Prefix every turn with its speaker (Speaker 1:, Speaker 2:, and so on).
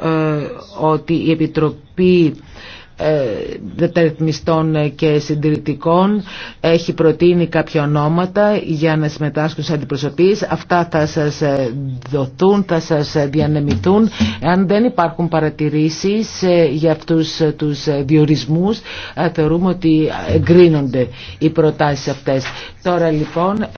Speaker 1: Ε, ότι η Επιτροπή Δεταρρυθμιστών ε, και συντηρητικών έχει προτείνει κάποια ονόματα για να συμμετάσχουν σε αντιπροσωπείς αυτά θα σας ε, δοθούν θα σας διανεμηθούν αν δεν υπάρχουν παρατηρήσεις για αυτούς τους διορισμούς θεωρούμε ότι εγκρίνονται οι προτάσεις αυτές τώρα λοιπόν